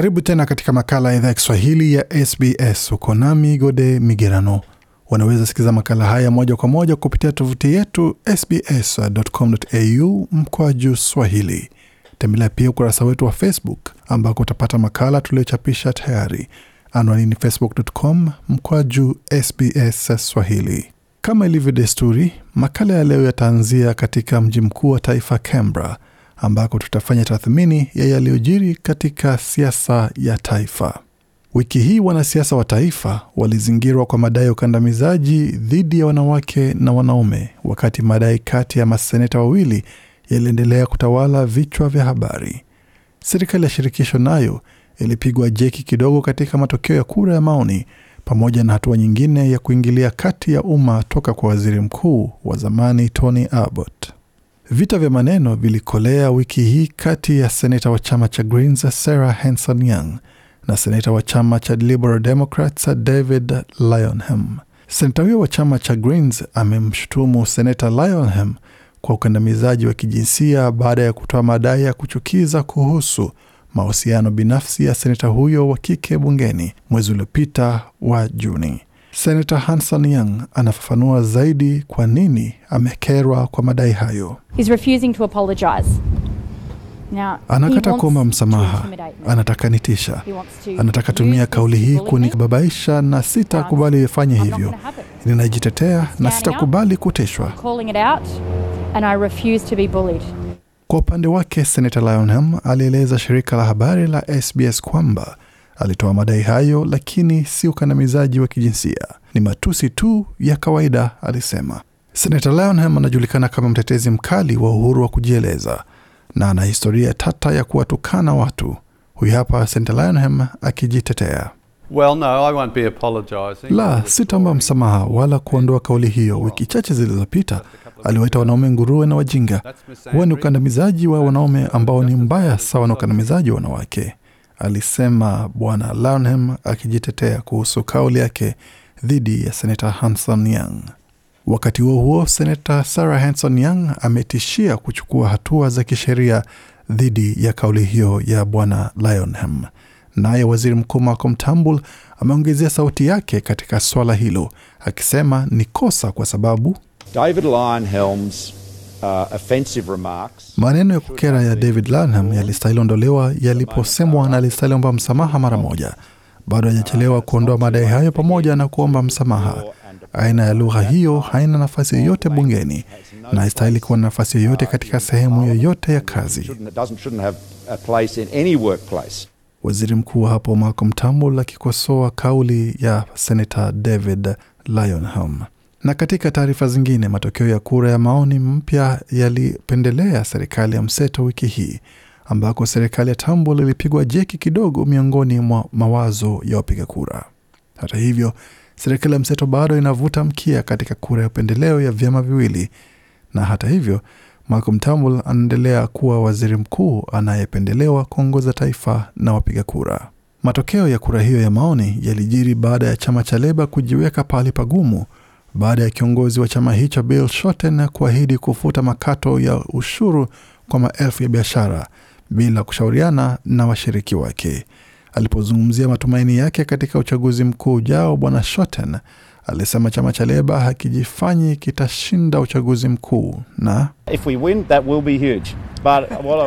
Karibu tena katika makala ya idhaa ya Kiswahili ya SBS. Uko nami Gode Migerano. Wanaweza sikiza makala haya moja kwa moja kupitia tovuti yetu sbs.com.au mkoa juu swahili. Tembelea pia ukurasa wetu wa Facebook ambako utapata makala tuliochapisha tayari. Anwani ni facebook.com mkoa juu SBS Swahili. Kama ilivyo desturi, makala ya leo yataanzia katika mji mkuu wa taifa Canberra ambako tutafanya tathmini ya yaliyojiri katika siasa ya taifa. Wiki hii wanasiasa wa taifa walizingirwa kwa madai ya ukandamizaji dhidi ya wanawake na wanaume, wakati madai kati ya maseneta wawili yaliendelea kutawala vichwa vya habari. Serikali ya shirikisho nayo ilipigwa jeki kidogo katika matokeo ya kura ya maoni, pamoja na hatua nyingine ya kuingilia kati ya umma toka kwa waziri mkuu wa zamani Tony Abbott. Vita vya maneno vilikolea wiki hii kati ya seneta wa chama cha Greens Sarah Hanson Young na seneta wa chama cha Liberal Democrats David Lyonham. Seneta huyo wa chama cha Greens amemshutumu seneta Lyonham kwa ukandamizaji wa kijinsia baada ya kutoa madai ya kuchukiza kuhusu mahusiano binafsi ya seneta huyo wa kike bungeni mwezi uliopita wa Juni. Senata Hanson Young anafafanua zaidi kwa nini amekerwa kwa madai hayo. anakata kuomba msamaha, anataka nitisha, anataka tumia kauli hii kunibabaisha na sitakubali ifanye hivyo. Ninajitetea na sitakubali kutishwa. Kwa upande wake, Senata Lynham alieleza shirika la habari la SBS kwamba Alitoa madai hayo, lakini si ukandamizaji wa kijinsia, ni matusi tu ya kawaida, alisema. Senata Lynham anajulikana kama mtetezi mkali wa uhuru wa kujieleza na ana historia tata ya kuwatukana watu. Huyu hapa Senata Lynham akijitetea. Well, no, I won't be apologizing. La, sitaomba msamaha wala kuondoa kauli hiyo. Wiki chache zilizopita aliwaita wanaume nguruwe na wajinga. huwa ni ukandamizaji wa wanaume ambao ni mbaya sawa na ukandamizaji wa wanawake alisema Bwana Lanham akijitetea kuhusu kauli yake dhidi ya senata Hanson Young. Wakati huo huo, seneta Sarah Hanson Young ametishia kuchukua hatua za kisheria dhidi ya kauli hiyo ya Bwana Lanham. Naye waziri mkuu Malcolm Turnbull ameongezea sauti yake katika swala hilo akisema ni kosa kwa sababu David Lyon Helms Uh, Maneno ya kukera ya David Lanham yalistahili ondolewa yaliposemwa na alistahili omba msamaha mara moja. Bado hajachelewa kuondoa madai hayo pamoja na kuomba msamaha. Aina ya lugha hiyo haina nafasi yoyote bungeni na haistahili kuwa na nafasi yoyote katika sehemu yoyote ya kazi. Waziri Mkuu hapo Malcolm Turnbull akikosoa kauli ya Senata David Lanham. Na katika taarifa zingine, matokeo ya kura ya maoni mpya yalipendelea serikali ya mseto wiki hii, ambako serikali ya tambo lilipigwa jeki kidogo miongoni mwa mawazo ya wapiga kura. Hata hivyo, serikali ya mseto bado inavuta mkia katika kura ya upendeleo ya vyama viwili, na hata hivyo Malcolm Turnbull anaendelea kuwa waziri mkuu anayependelewa kuongoza taifa na wapiga kura. Matokeo ya kura hiyo ya maoni yalijiri baada ya chama cha Leba kujiweka pahali pagumu baada ya kiongozi wa chama hicho Bill Shorten kuahidi kufuta makato ya ushuru kwa maelfu ya biashara bila kushauriana na washiriki wake. Alipozungumzia matumaini yake katika uchaguzi mkuu ujao, Bwana Shorten alisema chama cha Leba hakijifanyi kitashinda uchaguzi mkuu na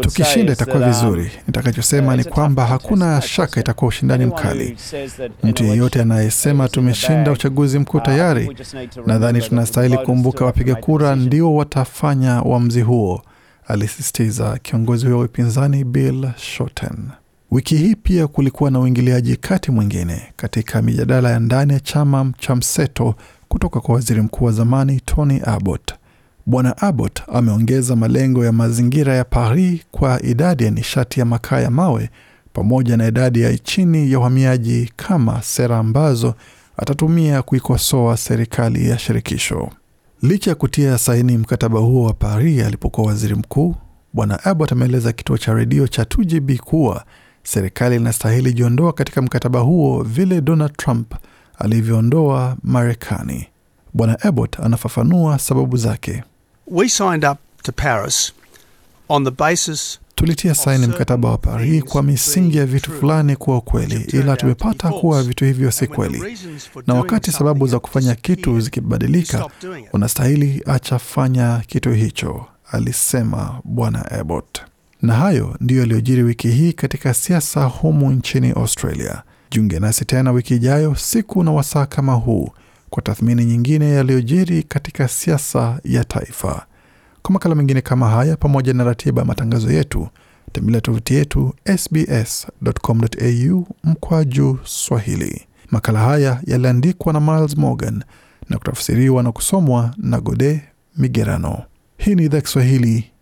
tukishinda itakuwa um, vizuri. Nitakachosema uh, ni kwamba hakuna shaka itakuwa ushindani mkali. Mtu yeyote anayesema tumeshinda uchaguzi mkuu uh, tayari, nadhani tunastahili kumbuka wapiga kura ndio watafanya uamuzi huo, alisisitiza kiongozi huyo wa upinzani Bill Shorten. Wiki hii pia kulikuwa na uingiliaji kati mwingine katika mijadala ya ndani ya chama cha mseto kutoka kwa waziri mkuu wa zamani Tony Abbott. Bwana Abbott ameongeza malengo ya mazingira ya Paris kwa idadi ya nishati ya makaa ya mawe pamoja na idadi ya chini ya uhamiaji kama sera ambazo atatumia kuikosoa serikali ya shirikisho. Licha ya kutia saini mkataba huo wa Paris alipokuwa waziri mkuu, Bwana Abbott ameeleza kituo cha redio cha 2GB kuwa serikali inastahili jiondoa katika mkataba huo vile Donald Trump alivyoondoa Marekani. Bwana Abbott anafafanua sababu zake. We signed up to Paris on the basis Tulitia saini mkataba wa Paris kwa misingi ya vitu fulani kuwa ukweli, ila tumepata kuwa vitu hivyo si kweli, na wakati sababu za kufanya kitu zikibadilika, unastahili acha fanya kitu hicho, alisema Bwana Abbott. Na hayo ndiyo yaliyojiri wiki hii katika siasa humu nchini Australia. Jiunge nasi tena wiki ijayo, siku na wasaa kama huu, kwa tathmini nyingine yaliyojiri katika siasa ya taifa. Kwa makala mengine kama haya, pamoja na ratiba ya matangazo yetu, tembelea tovuti yetu sbs.com.au mkwaju Swahili. Makala haya yaliandikwa na Miles Morgan na kutafsiriwa na kusomwa na Gode Migerano. Hii ni idhaa Kiswahili